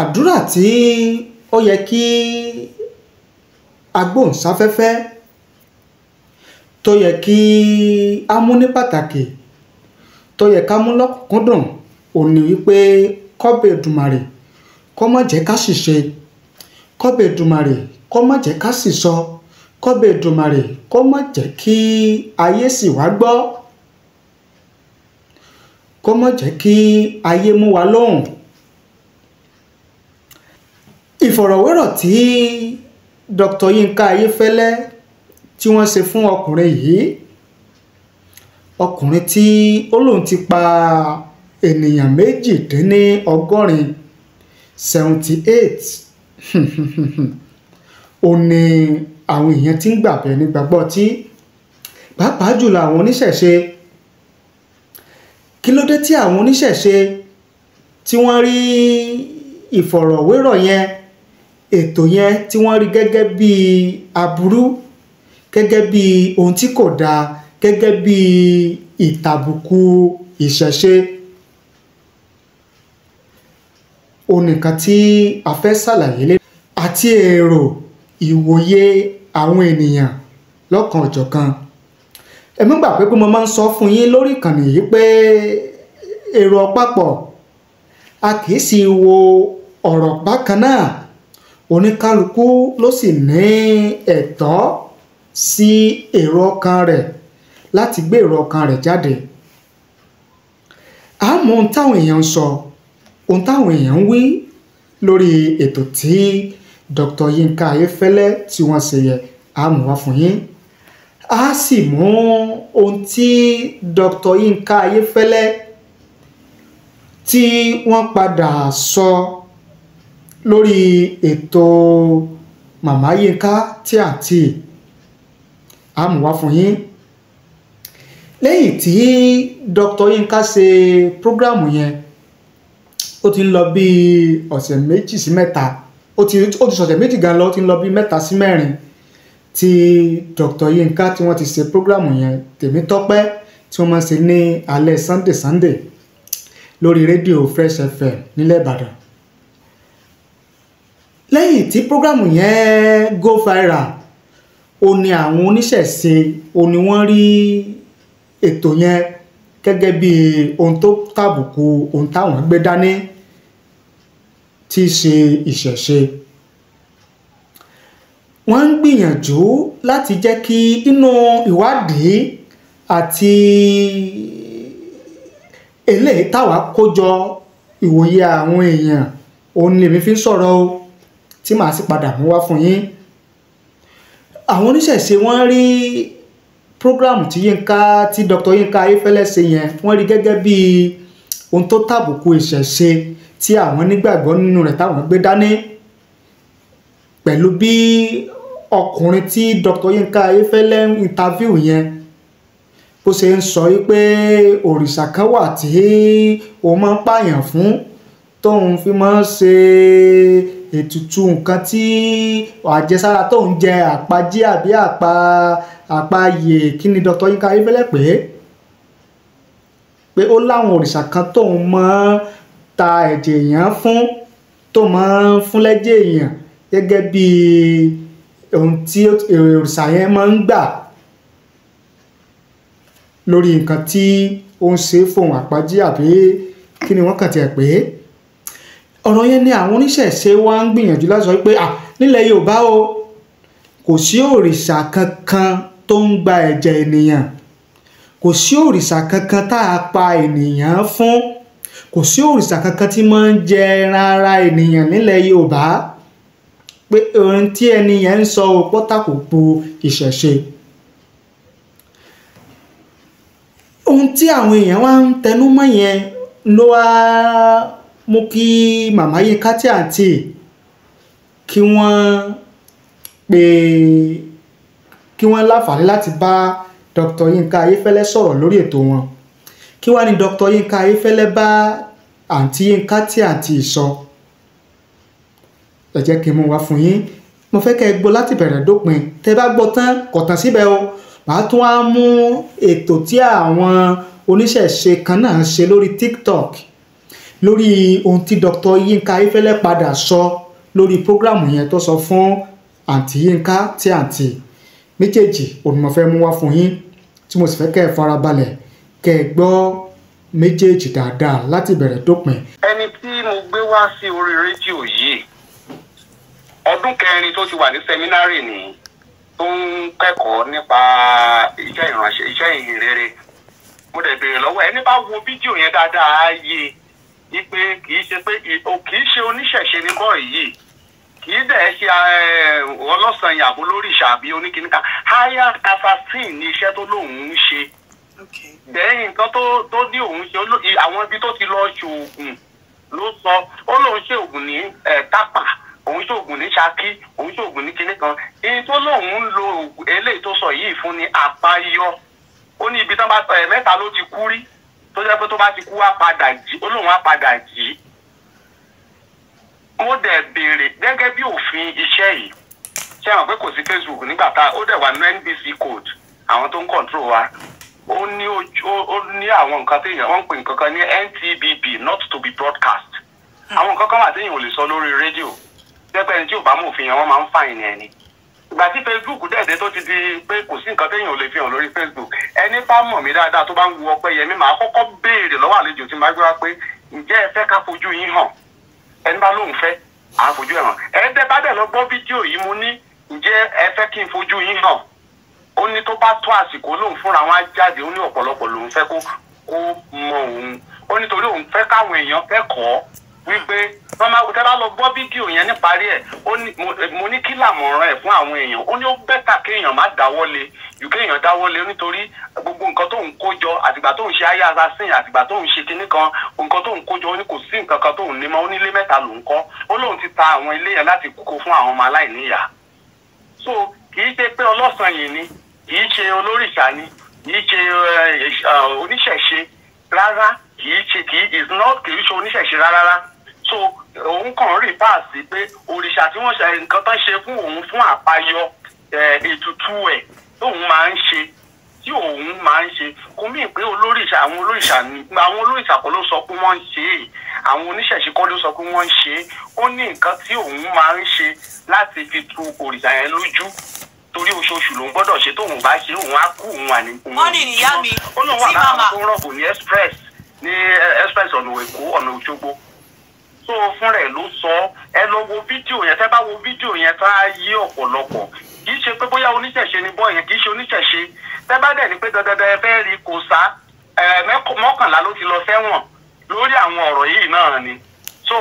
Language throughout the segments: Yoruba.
àdúrà tí ó yẹ kí agbóhùnsáfẹ́fẹ́ tó yẹ kí a mú ní pàtàkì tó yẹ ká mú lọ́kùnkúndùn òun ni wípé kọ́bẹ̀ Èdùmàrè kọ́ má jẹ́ ká sì ṣe kọ́bẹ̀ Èdùmàrè kọ́ má jẹ́ ká sì sọ kọ́bẹ̀ Èdùmàrè kọ́ má jẹ́ kí ayé sì wá gbọ́ kọ́ má jẹ́ kí ayé mú wa lóhùn ìfọ̀rọ̀wérọ̀ tí Dr. Yinka Ayéfẹ́lẹ́ tí wọ́n ṣe fún ọkùnrin yìí ọkùnrin tí ó lóun ti pa ènìyàn méjìdínlọ́gọ́rin seventy eight ó ní àwọn èèyàn ti ń gbàgbé nígbàgbọ́ tí pàápàá jùlọ àwọn oníṣẹ̀ṣe kí ló dé tí àwọn oníṣẹ̀ṣe tí wọ́n rí ìfọ̀rọ̀wérọ̀ yẹn ètò yẹn tí wọ́n rí gẹ́gẹ́ bí aburú gẹ́gẹ́ bí ohun tí kò dáa gẹ́gẹ́ bí ìtàbùkù ìṣẹ̀ṣe òun nìkan tí a fẹ́ ṣàlàyé lé àti èrò ìwòye àwọn ènìyàn lọ́kan òjọ̀kan ẹ gbà pé pé mo máa ń sọ fún yín lórí ìkànnì yìí pé èrò ọ̀pápọ̀ a kì í sì wo ọ̀rọ̀ bákan náà oníkálukú ló sì ní ẹ̀tọ́ sí èrò ọkàn rẹ̀ láti gbé èrò ọkàn rẹ̀ jáde a mọ ohun táwọn èèyàn ń sọ ohun táwọn èèyàn ń wí lórí ètò tí Dr. Yinka Ayéfẹ́lẹ́ tí wọ́n ṣe yẹ a mú wá fún yín a sì mú ohun tí Dr. Yinka Ayéfẹ́lẹ́ tí wọ́n padà sọ. So, lórí ètò màmá yínká tí àǹtí a mú wá fún yín lẹ́yìn tí dr yínká ṣe prógráàmù yẹn ó ti ń lọ bí ọ̀sẹ̀ méjì sí mẹ́ta ó ti sọ̀sẹ̀ méjì gan lọ ó ti ń lọ bí mẹ́ta sí mẹ́rin tí dr yínká tí wọ́n ti ṣe prógráàmù yẹn tèmítọ́pẹ́ tí wọ́n máa ṣe ní alẹ́ sunday sunday lórí rédíò fresh fm nílẹ̀ ìbàdàn lẹ́yìn tí programu yẹn go viral ó ní àwọn oníṣẹ̀ṣe ó ní wọ́n rí ètò yẹn gẹ́gẹ́ bí ohun tó tàbùkù ohun táwọn gbé dání tí í ṣe ìṣẹ̀ṣe wọ́n ń gbìyànjú láti jẹ́ kí inú ìwádìí àti eléyìí táwa kó jọ ìwòye àwọn èèyàn òun lèmi fi ń sọ̀rọ̀ o tí màá sì padà mú wá fún yín àwọn oníṣẹ̀ṣe wọ́n rí program tí Yínká tí Dr. Yínká Ayéfẹ́lẹ́ ṣe yẹn wọ́n rí gẹ́gẹ́ bí ohun tó tàbùkù ìṣẹ̀ṣe tí àwọn nígbàgbọ́ nínú rẹ̀ táwọn gbé dání pẹ̀lú bí ọkùnrin tí Dr. Yínká Ayéfẹ́lẹ́ ń interview yẹn bó ṣe ń sọ wípé òrìṣà kan wà tí òun máa ń pààyàn fún tóun fi máa ń ṣe ètùtù nǹkan tí àjẹsára tó ń jẹ àpájí àbí àpá àpáyè kí ni Dr. Yinka Ayéfẹ́lẹ́ pé pé ó láwọn òrìṣà kan tóun mọ́ ta ẹ̀jẹ̀ èèyàn fún tó mọ́ fún lẹ́jẹ̀ èèyàn gẹ́gẹ́ bí ohun tí òrìṣà yẹn máa ń gbà lórí nǹkan tí ó ń ṣe fóun àpájí àbí kí ni wọ́n kàn tiẹ̀ pé ọ̀rọ̀ yẹn ni àwọn oníṣẹ̀ṣe wa ń gbìyànjú láti sọ pé à nílẹ̀ Yorùbá o kò sí òrìṣà kankan tó ń gba ẹ̀jẹ̀ ènìyàn kò sí òrìṣà kankan tá a pa ènìyàn fún kò sí òrìṣà kankan tí máa ń jẹ ẹran ara ènìyàn nílẹ̀ Yorùbá pé ohun tí ẹni ń sọ o pọ́tàkù po ìṣẹ̀ṣe. ohun tí àwọn èèyàn wá ń tẹnu mọ́ yẹn ló wá mo kí màmá Yínká tí à ń tì kí wọ́n pè kí wọ́n láǹfààní láti bá Dr. Yínká Ayéfẹ́lẹ́ sọ̀rọ̀ lórí ètò wọn kí wàá ní Dr. Yínká Ayéfẹ́lẹ́ bá àǹtí Yínká tí à sọ ẹ jẹ́ kí n mú wá fún yín mo fẹ́ kẹ́ ẹ gbọ́ láti bẹ̀rẹ̀ dópin tẹ́ bá gbọ́ tán kò tán síbẹ̀ o màá tún á mú ètò tí àwọn oníṣẹ̀ṣe kan náà ṣe lórí TikTok lórí ohun tí Dr. Yinka Ayéfẹ́lẹ́ padà sọ lórí prógrámù yẹn tó sọ fún àǹtí Yinka tí àǹtí méjèèjì òun mo fẹ́ mú wá fún yín tí mo sì fẹ́ kẹ́ ẹ farabalẹ̀ kẹ́ ẹ gbọ́ méjèèjì dáadáa láti bẹ̀rẹ̀ dópin. ẹni tí mo gbé wá sí orí rédíò yìí ọdún kẹrin tó ti wà ní sẹmínárì nìyí tó ń kẹ́kọ̀ọ́ nípa iṣẹ́ ìránṣẹ́ iṣẹ́ mo dẹ̀ béèrè lọ́wọ́ ẹni bá wo fídíò yẹn dáadáa á yé e wípé kì í ṣe pé kì í ṣe oníṣẹ̀ṣe ní bọ́ọ̀ yìí kì í dẹ̀ ṣe eh, ọlọ́sàn yàgò lórí ìṣàbí oníkìníkà higher assassin ni iṣẹ́ tó lóun ń ṣe lẹ́yìn nǹkan tó ní òun ṣe àwọn ibi tó ti lọ ṣoògùn ló sọ ó lóun ṣe òògùn ní eh, tápà òun ṣe òògùn ní ṣákí òun ṣe òògùn ní kinní kan èyí tó lóun ń lo eléyìí tó sọ yìí fún ni àbáyọ ó ní ibi tán bá eh, mẹ́ta ló ti kú rí tó jẹ́ pé tó bá ti kú wá padà jí olóhùn wá padà jí mo dẹ̀ béèrè gẹ́gẹ́ bí òfin iṣẹ́ yìí ṣé àwọn pé kò sí Facebook nígbà tá ó dẹ̀ wà ní NBC code àwọn tó ń control wa ó ní ó ní àwọn nǹkan téèyàn wọ́n ń pè nǹkan kan ní NTBB not to be broadcast hmm. àwọn nǹkan kan wà téèyàn ò lè sọ lórí rédíò jẹ́ pé ẹni tí ò bá mú òfin yẹn wọ́n máa ń fàìn ẹni ìgbà tí facebook dẹ̀dẹ̀ tó ti di pé kò sí nǹkan téèyàn lè fi hàn lórí facebook ẹni bá mọ̀ mí dáadáa tó bá ń wo ọpẹ́ yẹmí màá kọ́kọ́ béèrè lọ́wọ́ àlejò tí màá gbéra pé ǹjẹ́ ẹ fẹ́ ká fojú yín hàn ẹni bá lóun fẹ́ àá fojú ẹ hàn ẹni tẹ́ bá dẹ̀ lọ gbọ́ fídíò yìí mo ní ǹjẹ́ ẹ fẹ́ kí n fojú yín hàn ó ní tó bá tó àsìkò lóun fúnra wọn á jáde ó ní ọ̀pọ̀lọpọ̀ lòun fẹ́ kó mọ òun ó nítorí òun fẹ́ káwọn èèyàn kẹ́kọ̀ọ́ wípé wọ́n lọ gbọ́ fídíò yẹn níparí ẹ̀ mo ní kí làmọ̀ràn ẹ̀ fún àwọn èèyàn ó ní ó bẹ́tà kéèyàn má dáwọ́lé ju kéèyàn dáwọ́lé nítorí gbogbo nǹkan tó ń kó jọ àtìgbà tó ń ṣe ayé assassin àtìgbà tó ń ṣe kinní kan nǹkan tó ń kó jọ ó ní kò sí nǹkan kan tó ń ní mọ́ ó ní ilé mẹ́ta ló ń kọ́ ó lóun ti ta àwọn ilé yẹn láti kókó fún àwọn ọmọ aláìníyà so kì í ṣe pé ọlọ́sàn yìí ni kì í ṣe olórìṣà ni kì í ṣe eh, eh, oníṣẹ̀ṣe rárá kì í ṣe not kì í ṣe oníṣẹ̀ṣe rárá rárá so òun kàn rí páàsì pé òrìṣà tí wọ́n ṣe nǹkan tán ṣe fún òun fún àpáyọ eh, ètùtù ẹ̀ tóun máa ń ṣe tí òun máa ń ṣe kò mí pé olórìṣà àwọn olórìṣà àwọn olórìṣà kọ́ ló sọ pé wọ́n ń ṣe é àwọn oníṣẹ̀ṣe kọ́ ló sọ pé wọ́n ń ṣe é ó ní nǹkan tí òun máa ń ṣe láti fi tu òrìṣà yẹn lójú torí oṣooṣù ló ń gbọ́dọ̀ ṣe tóun bá ṣe òun á kú òun àní. wọ́n ní ìyá mi tí màmá ó lóun wà láwọn tó rọ̀bù ní express ní eh, express ọ̀nà èkó ọ̀nà òṣogbo tó o fúnra ẹ̀ ló sọ ẹ lọ wo fídíò yẹn tẹ́ bá wo fídíò yẹn tá a yí ọ̀pọ̀lọpọ̀ kì í ṣe pé bóyá oníṣẹ̀ṣe ni bọ́ọ̀ yẹn kì í ṣe oníṣẹ̀ṣe tẹ́ bá dẹ̀ ní pé dandandan ẹ rí kò ti lọ lórí àwọn yìí náà ni so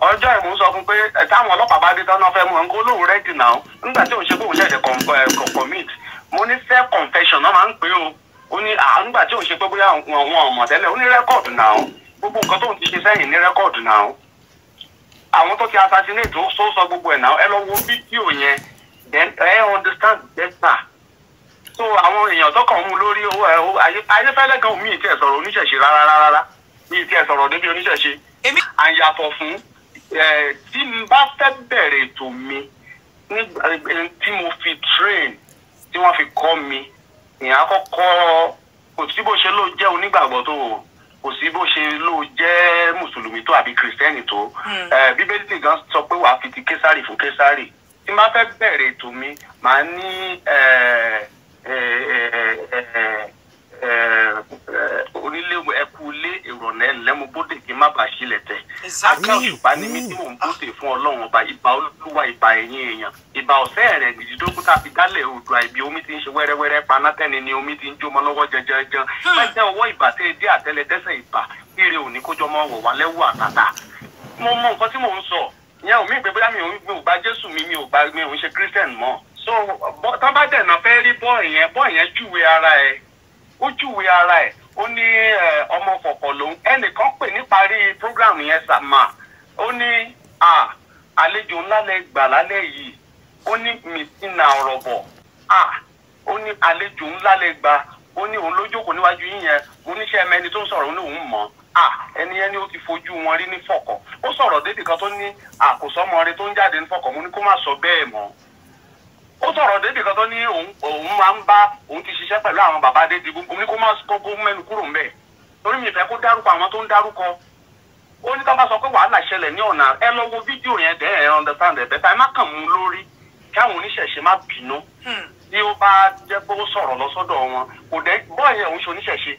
ọjọ́ ìmú sọ fún pé táwọn ọlọ́pàá bá dé tán náà fẹ́ mú ọ̀nkó lóun rẹ́dì náà nígbà tí òun ṣe pé òun ṣẹ̀ṣẹ̀ commit mo ní self náà ní tí òun ṣe pé bóyá ọmọ ó ní náà gbogbo nǹkan tóun àwọn tó ti assassinate ó sọ sọ gbogbo ẹ̀ náà ẹ lọ wo fídíò yẹn then ẹ understand better so àwọn èèyàn tó kàn mú lórí owó ẹ o ayéfẹ́lẹ́ gan mi ti sọ̀rọ̀ oníṣẹ̀ṣe rárá rárá mi ti sọ̀rọ̀ débi oníṣẹ̀ṣe àyàtọ̀ fún tí n bá fẹ́ bẹ̀rẹ̀ ètò mi tí mo fi train tí wọ́n fi kọ́ mi ìyẹn àkọ́kọ́ kò sí bó ṣe ló jẹ́ onígbàgbọ́ tó o kò sí bó ṣe ló jẹ́ mùsùlùmí tó àbí kìrìsìtẹ́nì tó hmm. bíbélì nìkan sọ pé wàá fi ti késàrì fún késàrì tí má fẹ́ bẹ̀rẹ̀ ètò mi màá ní onílé ẹkú ilé ìrọ̀lẹ́ lẹ́mu bóde kí n má bàa ṣílẹ̀ tẹ̀. akẹ́ òṣùpá ni mí tí mò ń bóde fún ọlọ́run ọba ìbà olúwa ìbà ẹ̀yìn èèyàn ìgbà ọ̀sẹ́ rẹ̀ méjìdógún tá a fi dálẹ̀ odò àìbí omi ti ń ṣe wẹ́rẹ́wẹ́rẹ́ panátẹ́ni ni omi ti ń jó mọ́ lọ́wọ́ jẹjẹrẹjẹn pẹ́ẹ́tẹ́ hmm. ọwọ́ ìbà tẹ́ ẹ dé àtẹlẹdẹ́sẹ̀ ìbà ire òní kójọ mọ́ wọ̀ wá lẹ́wọ́ àtàtà mo mọ nǹkan tí mò ń sọ ìyẹn omi ìgbẹ́ bóyá mi ò gba Jésù mi mi ò gba mi ò ń ṣe Christian mọ́ so tán fẹ́ rí bọ́ọ̀ yẹn bọ́ọ̀ yẹn júwe ara ẹ̀ ó júwe ara ẹ̀ ó ní ọmọ kọ̀kọ̀ lòun ẹnìkan pè níparí program yẹn sàmà ó ní àlejò ńlá lẹ gbà lálẹ́ yìí ó ní mìtínà ọ̀rọ̀ bọ̀ ó ní àlejò ńlá lè gba ó ní òun lójókòó níwájú yín yẹn oníṣẹ́ ẹ̀mẹ́ni tó ń sọ̀rọ̀ ó ní òun mọ̀ ẹni yẹn ni ó ti fojú wọn rí ní fọ̀kọ̀ ó sọ̀rọ̀ débi kan tó ní àkòsọ́mọrin tó ń jáde ní fọ̀kọ̀ mo ní kó má sọ bẹ́ẹ̀ mọ́ ó sọ̀rọ̀ débi kan tó ní òun máa ń bá òun ti ṣiṣẹ́ pẹ̀lú àwọn bàbá Adédìbú mo ní kó má kókó mẹ́nu kúrò ń bẹ̀ torí mi ìfẹ́ kó dárúkọ àwọn tó ń dárúkọ ó ní ká bá sọ pé wàhálà ṣẹlẹ̀ ní ọ̀nà ẹ lọ wo fídíò yẹn dẹ́ ẹ understand ẹ bẹ́ẹ̀ ẹ má kàn mú lórí káwọn oníṣẹ̀ṣe má bínú tí hmm. ó bá jẹ́ pé ó sọ̀rọ̀ lọ sọ́dọ̀ wọn kò dẹ́ bọ́ọ̀yẹ̀ òun ṣe oníṣẹ̀ṣe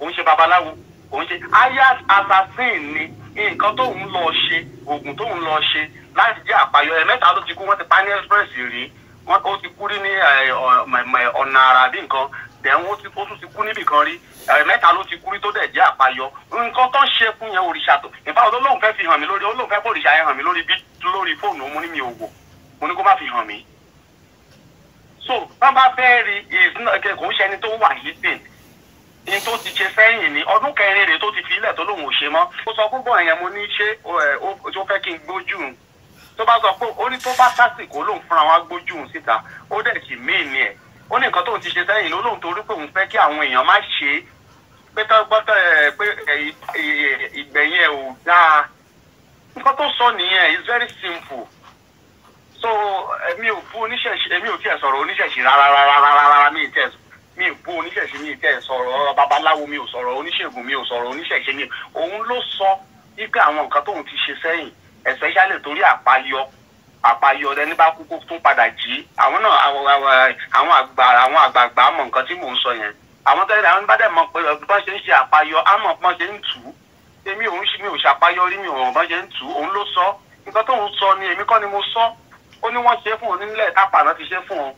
òun ṣe babaláwo òun ṣe ayas assassin ni nǹkan tóun lọ ṣe oògùn tóun lọ ṣe láti jẹ́ àpáyọ ẹ̀mẹ́ta ló ti kú wọ́n ti pani express rí wọ́n ó ti kú rí ní ọ̀nà àrà bí nǹkan dẹ̀hún ó tún ti kú níbì kan rí ẹ̀mẹ́ta ló ti kú rí tó dẹ̀ jẹ́ àpáyọ nǹkan tó ń ṣe kú yẹn òrìṣà tó ìbáwọ̀ tó lóun fẹ́ fi hàn mí lórí ó lóun fẹ́ kó òrìṣà yẹn hàn mí lórí bí lórí fóònù òun ní mi ò wò mo ní kó má fi hàn mí so wọn bá fẹ́ rí ìdúnàkẹ́ kò ń ṣe ẹni tó wà hidden ní tó ti ṣe sẹ́yìn ní ọdún kẹrin rèé tó ti fi ilẹ̀ tó lòun ò ṣe mọ́ ó sọ púpọ̀ yẹn mo ní ṣé ó fẹ́ kí n gbójú un tó bá sọ pé ó ní tó bá sásìkò lòun fúnra wọn á gbójú un síta ó dẹ̀ kì míì ni ẹ̀ ó ní nǹkan tóun ti ṣe sẹ́yìn ló lóun torí pé òun fẹ́ kí àwọn èèyàn má ṣe é pé tó gbọ́tọ̀ ẹ̀ pé ìgbẹ̀yìn ẹ̀ ò dáa nǹkan tó sọ nìyẹn is very simple so èmi eh, ò bú oníṣẹ̀ṣe èmi eh, ò tiẹ̀ sọ̀rọ̀ oníṣẹ̀ṣe rárá rárá rárá rárá mi tẹ̀ mi ò bú oníṣẹ̀ṣe mi tẹ̀ sọ̀rọ̀ babaláwo mi ò sọ̀rọ̀ oníṣègùn mi ò sọ̀rọ̀ oníṣẹ̀ṣe mi òun ló sọ wípé àwọn nǹkan tóun ti ṣe sẹ́yìn especially torí àpáyọ àpáyọ ẹni bá kú kó tún padà jí àwọn náà àwọn àgbà àwọn àgbààgbà mọ nǹkan tí mò ń sọ yẹn àwọn tẹ́lẹ̀ àwọn bá dẹ̀ mọ pé eh, bọ́n ṣe ń ṣe àpáyọ àmọ́ bọ́n ṣe ń tù ú èmi òun mi ò ṣàpáyọ rí mi ò bọ́n ṣe ń tù ú òun ló sọ nǹkan tóun sọ ni èmi kọ́ ni mo sọ ó ní wọ́n ṣe fún òun nílẹ̀ tápàná ti ṣe fún òun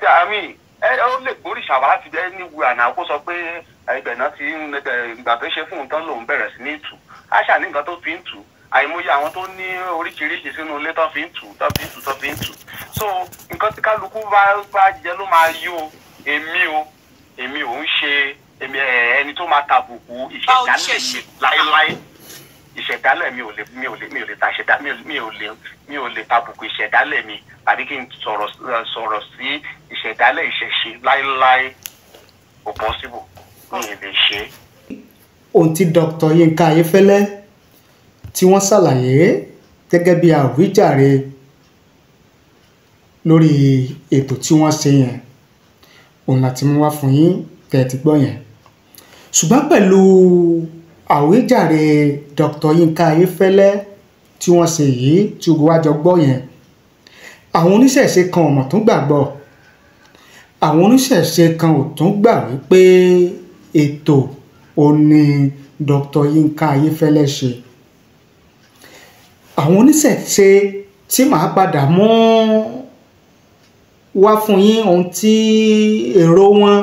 tí àmì ẹ ó lè gbóríṣà wá ti bẹ́ẹ̀ ní wúrà náà kó sọ pé ibẹ̀ náà ti ń gbà tó ṣe fún òun tán lòun bẹ̀rẹ̀ sí ní tù àṣà ní nǹkan tó fi ń tù àìmọye àwọn tó ní oríṣiríṣi sínú ilé tó fi ń tù tó fi ń tù tó fi ń tù so nǹkan tí kálukú bá bá jẹ ló máa yó èmi o èmi ò ń ṣe ẹni tó máa tàbùkù ìṣẹ̀dálẹ̀ ìṣẹ̀dálẹ̀ mi ò lè mi ò lè mi ò lè tàṣẹ̀dá mi ò mi ò lè mi ò lè tàbùkù ìṣẹ̀dálẹ̀ mi àbí kí n sọ̀rọ̀ eh, sọ̀rọ̀ sí ìṣẹ̀dálẹ̀ ìṣẹ̀ṣe láéláé ò pọ́sibù mi ì lè ṣe. ohun tí Dr. Yinka Ayéfẹ́lẹ́ tí wọ́n ṣàlàyé gẹ́gẹ́ bí àwíjàre lórí ètò tí wọ́n ṣe yẹn òun láti mú wá fún yín tẹ̀ ẹ́ ti gbọ́ yẹn ṣùgbọ́n pẹ̀lú àwíjàre Dr. Yinka Ayéfẹ́lẹ́ tí wọ́n ṣe yìí tí gbogbo wa jọ gbọ́ yẹn àwọn oníṣẹ̀ṣe kan ọ̀mọ̀ tún gbàgbọ́ àwọn oníṣẹ̀ṣe kan ò tún gbà wípé ètò òní Dr. Yinka Ayéfẹ́lẹ́ ṣe àwọn oníṣẹ̀ṣe tí màá padà mú wá fún yín ohun tí èrò wọn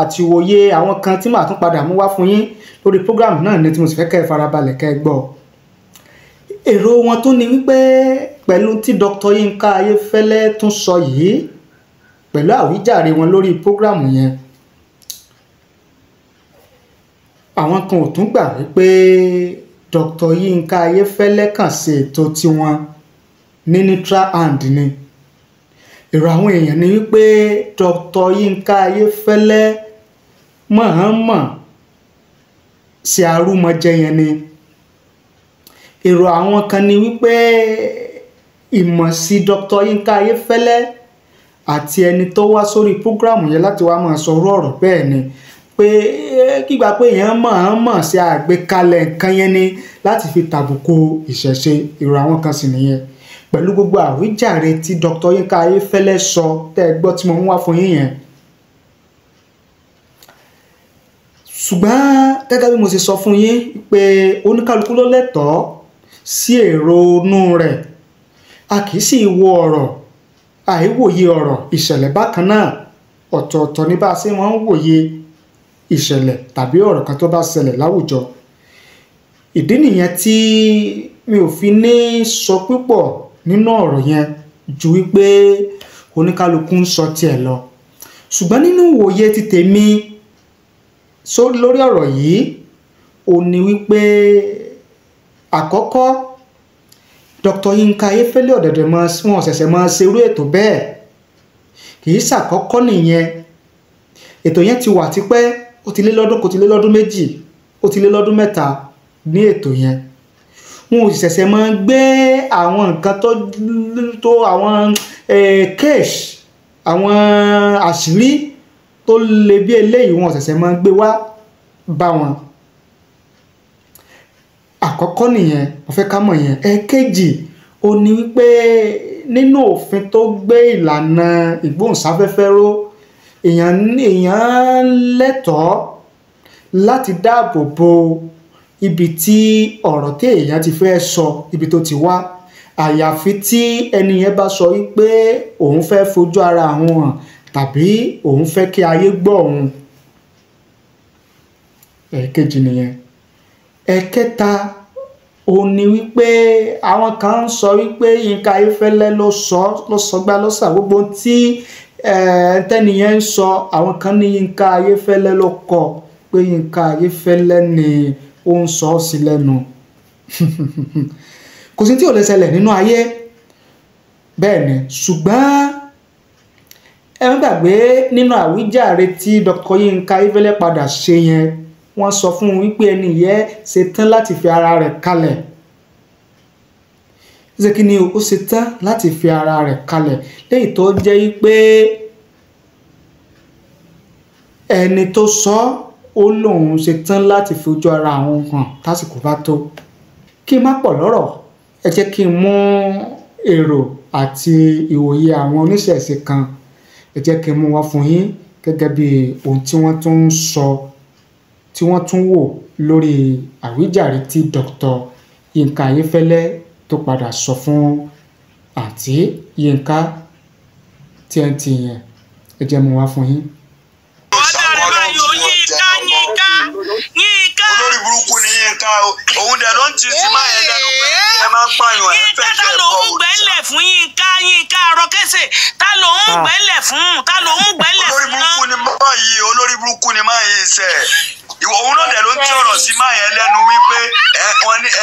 àti ìwòye àwọn kan tí màá tún padà mú wá fún yín lórí program náà ni tí mo sì fẹ́ kẹ́ ẹ farabalẹ̀ kẹ́ ẹ gbọ́ èrò wọn tún ni wípé pẹ̀lú tí Dr. Yinka Ayéfẹ́lẹ́ tún sọ yìí pẹ̀lú àwíjàre wọn lórí program yẹn àwọn kan ò tún gbà wípé Dr. Yinka Ayéfẹ́lẹ́ kàn ṣe ètò tiwọn ní neutral hand ni èrò àwọn èèyàn ni wípé Dr. Yinka Ayéfẹ́lẹ́ mọ̀ọ́mọ̀ ṣe arúmọjẹ yẹn ni èrò àwọn kan ni wípé ìmọ̀ sí Dr. Yinka Ayéfẹ́lẹ́ àti ẹni tó wá sórí program yẹn láti wá máa sọ orú ọ̀rọ̀ bẹ́ẹ̀ ni pé kígbà pé èèyàn mọ̀ọ́mọ̀ ṣe àgbékalẹ̀ nǹkan yẹn ni láti fi tàbùkù ìṣẹ̀ṣe èrò àwọn kan sì nìyẹn pẹ̀lú gbogbo àwíjàre tí Dr. Yinka Ayéfẹ́lẹ́ sọ tẹ́ ẹ gbọ́ tí mo ń wá fún yín yẹn ṣùgbọ́n gẹ́gẹ́ bí mo ṣe sọ fún yín pé oníkálukú ló lẹ́tọ̀ọ́ sí èrò inú rẹ̀ a kì í sì wo ọ̀rọ̀ àìwòye ọ̀rọ̀ ìṣẹ̀lẹ̀ bákan náà ọ̀tọ̀ọ̀tọ̀ ní bá a ṣe wọ́n ń wòye ìṣẹ̀lẹ̀ tàbí ọ̀rọ̀ kan tó bá ṣẹlẹ̀ láwùjọ ìdí nìyẹn tí mi ò fi ní sọ púpọ̀ nínú ọ̀rọ̀ yẹn ju wípé oníkálukú ń sọ tiẹ̀ lọ ṣùgbọ́n nínú ìwòye ti tèmi so lórí ọ̀rọ̀ yìí ó ní wípé àkọ́kọ́ Dr. Yinka Ayéfẹ́lẹ́ ọ̀dẹ̀dẹ̀ wọn ṣẹ̀ṣẹ̀ máa ṣe irú ètò bẹ́ẹ̀ kì í ṣàkọ́kọ́ nìyẹn ètò yẹn ti wà tipẹ́ ó ti lé lọ́dún kò ti lé lọ́dún méjì ó ti lé lọ́dún mẹ́ta ní ètò yẹn wọn ò ṣẹ̀ṣẹ̀ máa gbé àwọn nǹkan tó àwọn kéèṣì eh, àwọn àṣírí tó le bí eléyìí wọn ṣẹ̀ṣẹ̀ máa gbé wá bá wọn àkọ́kọ́ nìyẹn mo fẹ́ ká mọ̀ yẹn ẹ̀ẹ̀kejì ó ní wípé nínú òfin tó gbé ìlànà ìgbóhùnsáfẹ́fẹ́ ró èèyàn èèyàn lẹ́tọ̀ọ́ láti dáàbò bo ibi tí ọ̀rọ̀ tí èèyàn ti fẹ́ sọ ibi tó ti wá àyàfi tí ẹni yẹn bá sọ wípé òun fẹ́ fojú ara àwọn hàn tàbí òun fẹ́ kí ayé gbọ́ òun ẹ̀ẹ̀kejì nìyẹn ẹ̀ẹ̀kẹta òun ni wípé àwọn kan ń sọ wípé Yínká Ayéfẹ́lẹ́ ló sọ ló sọgbà lọ́sà gbogbo tí ẹ̀ẹ́dẹ́nìyẹn ń sọ àwọn kan ní Yínká Ayéfẹ́lẹ́ ló kọ pé Yínká Ayéfẹ́lẹ́ ni ó ń sọ ọ́ sí lẹ́nu kò sí tí ò lè ṣẹlẹ̀ nínú ayé bẹ́ẹ̀ ni ṣùgbọ́n ẹ ń gbàgbé nínú àwíjàre tí Dr. Yinka Ayéfẹ́lẹ́ padà ṣe yẹn wọ́n sọ fún un wípé ẹni yẹn ṣe tán láti fi ara rẹ̀ kalẹ̀ ṣe kí ni ó ṣe tán láti fi ara rẹ̀ kalẹ̀ léyìí tó jẹ́ wípé ẹni tó sọ ó lóun ṣe tán láti fojú ara àwọn hàn tásìkò bá tó kí n má pọ̀ lọ́rọ̀ ẹ jẹ́ kí n mú èrò àti ìwòye àwọn oníṣẹ̀ṣe kan ẹ jẹ́ kí n mú wá fún yín gẹ́gẹ́ bí ohun tí wọ́n tún ń sọ tí wọ́n tún wò lórí àwíjàre tí Dr. Yínká Ayéfẹ́lẹ́ tó padà sọ fún àǹtí Yínká tí ẹ ti yẹn ẹ jẹ́ mú wá fún yín. o òun dẹ̀ ló ń ti sí máa yẹn dẹnu pé ẹ máa ń pààyàn ẹ fẹ́ kẹ́ ẹ bọ̀ òun gbẹ́lẹ̀ fún Yínká Yínká Arọ́kẹ́sẹ̀ ta ló ń gbẹ́lẹ̀ fún ta ló ń gbẹ́lẹ̀ fún náà. olórí burúkú ni máa yí olórí burúkú ni máa yí sẹ òun náà dẹ̀ ló ń tí ọ̀rọ̀ sí máa yẹn lẹ́nu wípé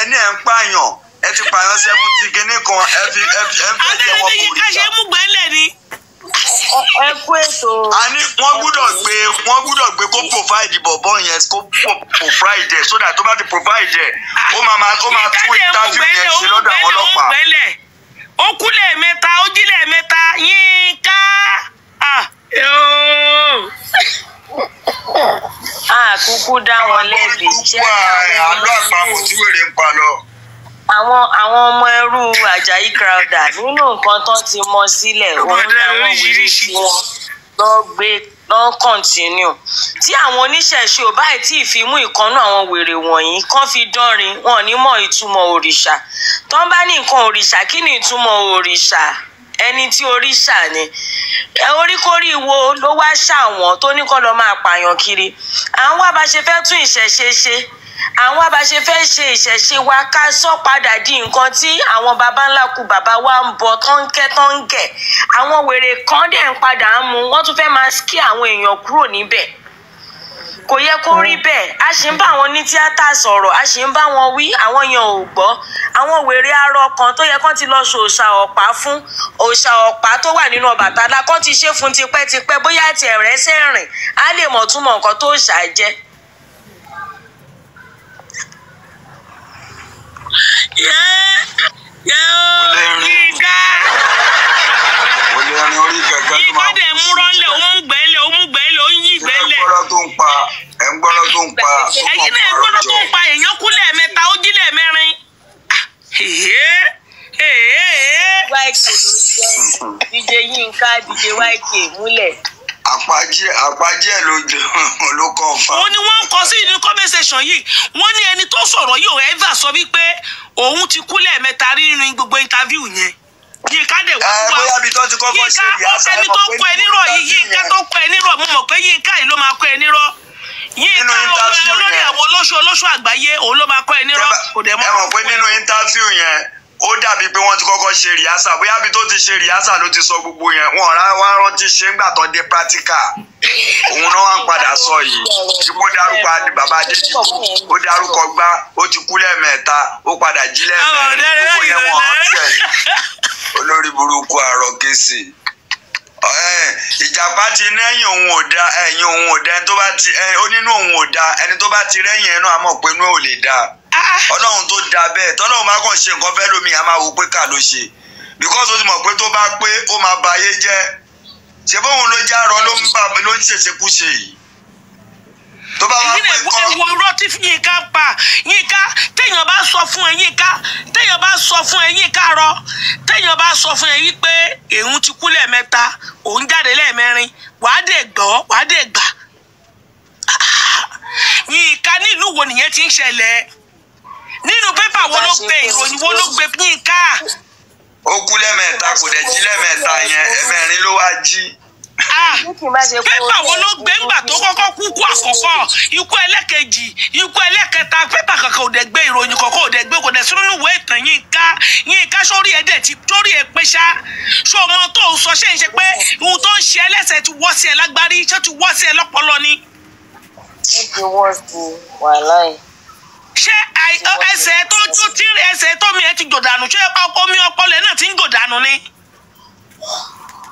ẹni ẹ̀ ń pààyàn ẹ ti pààyàn sẹ́fún ti kinní kan ẹ fi ẹ fi ẹ fi ẹ wọ́pọ̀ Ani, kú ètò. a ní wọ́n gbúdọ̀ gbé wọ́n gbúdọ̀ gbé kó provide bọ̀bọ̀ yẹn kó provide ẹ̀ so that tó bá ti provide ẹ̀ ó máa máa ó máa tún interview yẹn ṣe lọ́dọ̀ àwọn ọlọ́pàá. ó kú lẹ́ẹ̀mẹ́ta ó jí lẹ́ẹ̀mẹ́ta Yínká. àkúkú dá wọn lẹ́bi jẹ́ àwọn ọmọ àlọ́ àpamọ̀ tí wèrè ń pa lọ àwọn àwọn ọmọ ẹrú Àjàyí Crowther nínú nǹkan tó ti mọ sílẹ̀ òun ni àwọn wèrè tí wọn lọ gbé lọ kọ́ntínú tí àwọn oníṣẹ̀ṣe ò báyìí tí ìfimú ìkànnú àwọn wèrè wọ̀nyí kán fi dánrin wọn ní mọ̀ ìtumọ̀ òrìṣà tó ń bá ní nǹkan òrìṣà kí ni ìtumọ̀ òrìṣà ẹni tí òrìṣà ni oríkórí wo ló wá ṣàwọn tó ní kọ́ lọ́ọ́ máa pààyàn kiri à ń wá bá ṣe fẹ́ tún ìṣẹ̀ṣe ṣe. ṣe àwọn abàṣe fẹ́ ṣe ìṣẹ̀ṣe wa ká sọ padà di nǹkan tí àwọn baba ńlá ku bàbá wa ń bọ tọ́ńkẹ́ tọ́ńkẹ́ àwọn wèrè kan dẹ̀ ń padà ń mu wọ́n tún fẹ́ máa kí àwọn èèyàn kúrò níbẹ̀ kò yẹ kó rí bẹ́ẹ̀ a ṣì ń bá wọn ní tíátà sọ̀rọ̀ a ṣì ń bá wọn wí àwọn èèyàn ò gbọ́ àwọn wèrè arọ kan tó yẹ kán ti lọ ṣe òòṣà ọ̀pá fún òòṣà ọ̀pá tó wà nínú Ọbàtálá kán ti ṣe fún tipẹ́tipẹ́ bóyá tiẹ̀ rẹ́sẹ̀ rìn á lè mọ̀ túmọ̀ nǹkan tó ṣàjẹ́ ìgbẹ́dẹ̀ múrọ́ ńlẹ̀ ó mú gbẹ́lẹ̀ ó mú gbẹ́lẹ̀ ó ń yí gbẹ́lẹ̀. ẹ gbọ́dọ̀ tó ń pa ẹ gbọ́dọ̀ tó ń pa. ẹyin náà ẹ gbọ́dọ̀ tó ń pa èèyàn kú lẹ́ẹ̀mẹ́ta ó jí lẹ́ẹ̀mẹ́rin. Ah, yk ló ń jẹ́ dj yinka dj yk múlẹ̀ àpàjẹ àpàjẹ lójú ló kọ fa. òun ni wọ́n ń kọ sí inú conversation yìí wọ́n ní ẹni tó sọ̀rọ̀ yìí ò ẹ́fà sọ wípé òun ti kú lẹ́ẹ̀mẹ́ta rí nínú gbogbo interview yẹn. yínká dẹ̀ wá wá yínká kọ́ ẹni tó kọ ẹ nírọ̀ yìí yínká tó kọ ẹ nírọ̀ mo mọ̀ pé yínká yìí ló máa kọ ẹ nírọ̀ yínká olórí àwọn olóṣù olóṣù àgbáyé òun ló máa kọ ẹ kò dẹ̀ mọ́. ẹ mọ̀ pé nínú interview yẹn ó dàbí pé wọ́n ti kọ́kọ́ ṣe rìhásà bóyá bí tó ti ṣe rìhásà ló ti sọ gbogbo yẹn wọn ọ̀rá wa rántí ṣe ńgbà tó dé pírátíkà òun náà wọ́n padà sọ yìí ìpò dárúkọ bàbá adéjìbò ó dárúkọ gbá ó ti kú lẹ́ẹ̀mẹ́ta ó padà jí lẹ́ẹ̀mẹ́rin gbogbo yẹn wọn ọ̀tẹ̀ olórí burúkú àrọ̀ kése ìjàpá ti lẹ́yìn òun ò da ẹ̀yìn òun ò da ẹni tó bá ti onínú òun ò da ẹni tó bá ti rẹ́yìn ẹ̀ náà pé inú ò lè da. Ah. ọlọ́run tó da bẹ́ẹ̀ tọ́lọ́run bá kàn ṣe nǹkan fẹ́ lómi a máa wo pé ká ló ṣe because ó ti mọ̀ pé tó bá pé ó máa ba ayé jẹ́ ṣe bóun ló já rọ ló ń bà ló ń ṣèṣekúṣe yìí tó bá wá pé kọ́. èyí wo rọtí yínká pa yínká téèyàn bá sọ fún ẹ yínká téèyàn bá sọ fún ẹ yínká rọ téèyàn bá sọ fún ẹ yí pé èèyàn ti kú lẹ́ẹ̀mẹ́ta òun jáde lẹ́ẹ̀mẹ́rin wàá dé gbọ́ wàá dé gbà ah, yínká nílùú wo nìyẹn ti ń ṣẹlẹ̀ nínú pépà wo ló gbé ìròyìn wo ló gbé Yínká. ó kú lẹ́mẹ̀ta kò dẹ̀ jí lẹ́mẹ̀ta yẹn ẹ̀mẹrin ló wá jí ah! pépà wo ló gbé ńgbà tó kọ́kọ́ kú kú àkọ́kọ́ ikú ẹlẹ́kejì ikú ẹlẹ́kẹta pépà kankan ò dẹ̀ gbé ìròyìn kankan ò dẹ̀ gbé kò dẹ̀ sínú ìwé ìtàn Yínká Yínká sórí ẹ̀dẹ̀ ti torí ẹ̀ pé ṣá ọmọ tó ń sọ ṣé ń ṣe pé ohun tó ń ṣe ẹlẹ́sẹ̀ ti wọ́ sí ẹ lágbárí ṣé ti wọ́ sí ẹ lọ́pọlọ ni. níbi wọ́n ti wà láì ṣé ẹsẹ̀ tó tó tí ẹsẹ̀ tó mi ẹ ti gòdànù ṣé ọkọ mi ọpọlẹ náà ti ń gòdànù ni.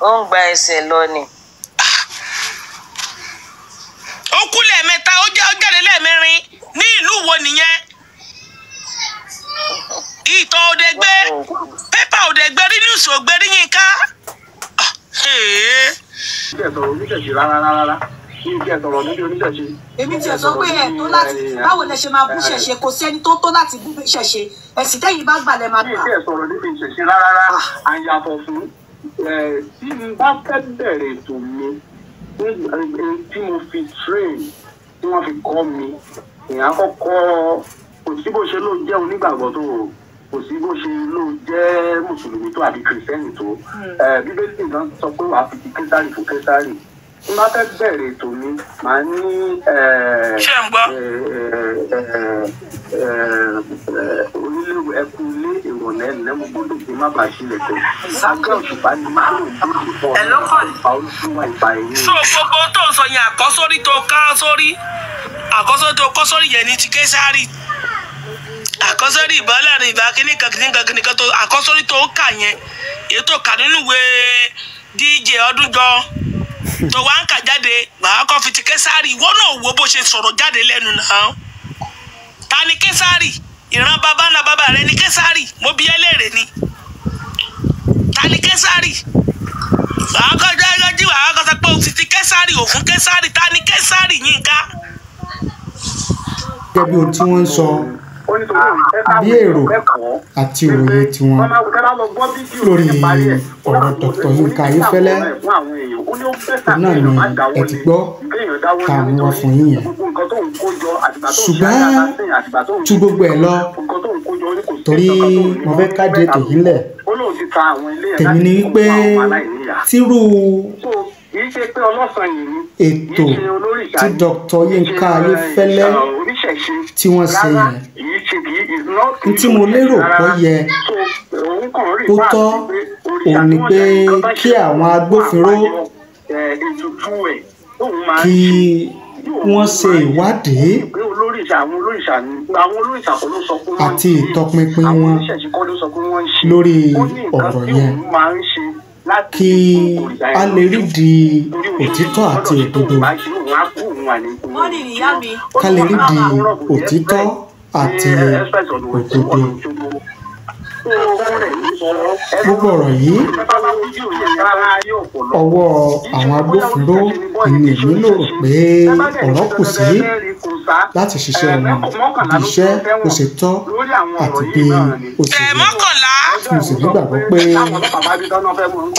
ó ń gba ẹsẹ̀ lọ ni. ó kú lẹ́ẹ̀mẹ́ta ó jáde lẹ́ẹ̀mẹ́rin ní ìlú wo nìyẹn ìtọ̀ òde gbé pépà òde gbé rí níwùsù ògbé rí yín ká èmi tiẹ̀ sọ pé ẹ̀ tó láti báwo lẹ ṣe máa bú ṣẹ̀ṣẹ̀ kò sẹ́ni tó tó láti bú ṣẹ̀ṣẹ̀ ẹ̀sìn tẹ́yìn bá gbà máa gbà. mi ò sọ̀rọ̀ níbi ìṣẹ̀ṣe rárá rárá fún tí n bá fẹ́ bẹ̀rẹ̀ ètò mi tí mo fi train tí wọ́n fi kọ́ mi èèyàn kọ́kọ́ kò sí bó ṣe ló jẹ́ onígbàgbọ́ tó o kò sí bó ṣe ló jẹ́ mùsùlùmí tó àbí kìrìsẹ́nì tó bíbélì nìkan sọ pé wàá fi ti késàrì fún késàrì tí bá fẹ́ bẹ̀rẹ̀ ètò mi màá ní ṣé ń gbọ́ onílé ẹkú ilé ìrọ̀lẹ́ ẹ̀ mo gbọ́dọ̀ pé má bàa sílẹ̀ tó sákẹ́ òṣùpá ni má lò ní ìfọ̀ ìfà olùsúnwà ìfà so gbogbo tó ń sọ yẹn àkọ́sórí tó ká sórí àkọ́sórí tó kọ́ sórí yẹn ni ti késárì àkọ́sórí ìbálẹ̀ àrùn ìbá kíní kan kíní kan kíní kan tó àkọ́sórí tó kà yẹn èyí tó kà nínú ìwé DJ Ọdúnjọ tó wá ń kà jáde màá kọ́ fi ti késàrì ìwọ náà wo bó ṣe sọ̀rọ̀ jáde lẹ́nu náà ta ni késàrì ìran bàbá ńlá bàbá rẹ ni késàrì mo bi ẹ́ léèrè ni ta ni késàrì màá kọ́ jáde màá kọ́ sọ pé o ti ti késàrì òfun késàrì ta ni késàrì yín ká. gẹ́gẹ́ bí ohun tí wọ́n ń sọ bí èrò àti òròyé tiwọn lórí ọ̀rọ̀ Dr. Yinka Ayéfẹ́lẹ́ náà ni ẹ ti gbọ́ ká mú wá fún yín yẹn ṣùgbọ́n tú gbogbo ẹ̀ lọ torí mo fẹ́ káde tèyí lẹ̀ tèmi ni wípé tírú ètò tí Dr. Yinka Ayéfẹ́lẹ́ tí wọ́n ṣe yẹn tí mo lérò kó yẹ kó tọ́ òun ni pé kí àwọn agbófinró kí wọ́n ṣe ìwádìí àti ìtọpinpin wọn lórí ọ̀rọ̀ yẹn kí a lè rí di òtítọ́ àti òdodo ká lè rí di òtítọ́ àti òdodo gbogbo ọ̀rọ̀ yìí ọwọ́ àwọn agbófinró ni èmi ló rò pé ọ̀rọ̀ kù sí láti ṣiṣẹ́ wọn bí iṣẹ́ ó ṣe tọ́ àti bí ó ṣe yẹ mo sì nígbàgbọ́ pé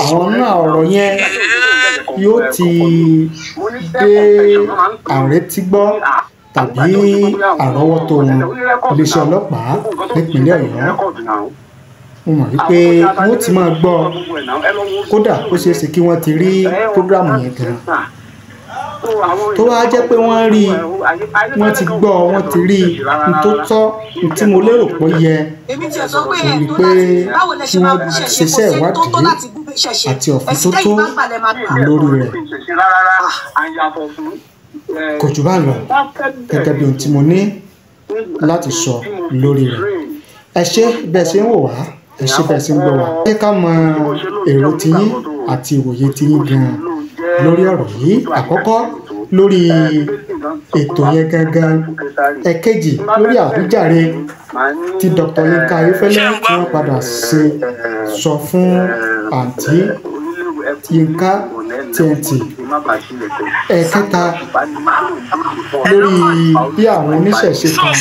àwọn náà ọ̀rọ̀ yẹn yóò ti dé àrétígbọ́ tàbí àrọ́wọ́tó iléeṣẹ́ ọlọ́pàá nípínlẹ̀ ọ̀yọ́ mo mọ̀ wípé wọ́n ti máa gbọ́ kódà ó ṣeé ṣe kí wọ́n ti rí prógrámù yẹn gan tó wá jẹ́ pé wọ́n rí i wọ́n ti gbọ́ wọ́n ti rí i tó tọ́ tí mo lérò pé yẹ òun ni pé kí wọ́n ṣiṣẹ́ ìwádìí àti òfin tó tó lórí rẹ̀ kò jù bá lọ gẹ́gẹ́ bí ohun tí mo ní láti sọ lórí rẹ̀ ẹ ṣé bẹ́ẹ̀ ṣe ń wò wá ẹ ṣé bẹ́ẹ̀ ṣe ń gbọ́ wá ẹ ká mọ èrò tiyín àti ìwòye tiyín gan lórí ọ̀rọ̀ yìí àkọ́kọ́ lórí ètò yẹn gangan ẹ̀kejì lórí àwíjàre tí Dr. Yinka Ayéfẹ́lẹ́ tí wọ́n padà ṣe sọ fún àǹtí Yinka twenty ẹ̀ẹ̀kẹta lórí bí àwọn oníṣẹ̀ṣe kan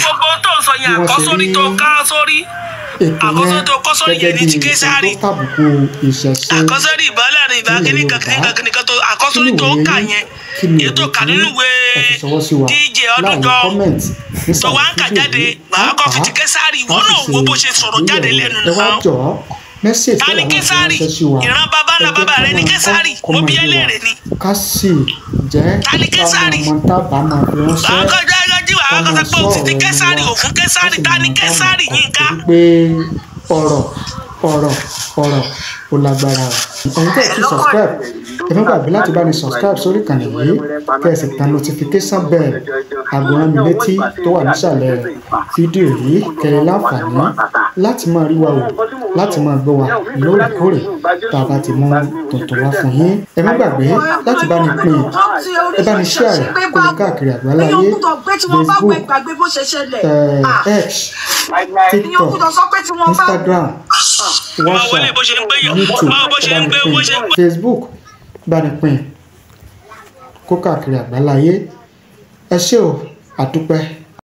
bí wọ́n ṣe rí ètò yẹn gẹ́gẹ́ bí ìṣètò tàbùkù ìṣẹ̀ṣe àkọsórí ìbálẹ̀ àrùn ìbá kíní kankan kankan kankan tó àkọsórí tó ń kà yẹn ètò kàdúnúwe dj ọdúnjọ tó wá ń kà jáde màá kọ́ fìtìkẹ́sárì wọ́n náà wo bó ṣe sọ̀rọ̀ jáde lẹ́nu náà mẹ́sẹ̀jì tẹ́lẹ̀ àwọn ọ̀sán ṣe sí wa ìran bàbá ńlá bàbá rẹ ní kẹsàrì mo bí ẹlẹ́rẹ̀ ni. ká sì jẹ́ ìtàkùnmọ́tàbà máa fi ránṣẹ́ ọmọ sọ̀rọ̀ ọ̀rọ̀ ọ̀rọ̀ ọ̀rọ̀ ọ̀làgbára ẹ̀yin tẹ̀ ti subscribe ẹ má gbàgbé láti bá ní subscribe sórí ìkànnì yìí kẹ́ ẹ sì tan notification bell àgbọ̀nrán mi létí tó wà nísàlẹ̀ fídíò yìí kẹ́ ẹ láǹfààní láti máa rí wa wò láti máa gbọ́ wa lóòrèkóòrè tá a bá ti mú tuntun wá fún yín ẹ má gbàgbé láti bá ní pín ẹ bá ní ṣíà rẹ kó ní káàkiri àgbáláyé Facebook eh, ah. X TikTok Instagram ah. WhatsApp YouTube Facebook bá ní pín kó káàkiri àgbáláyé ẹ ṣé o àdúpẹ́.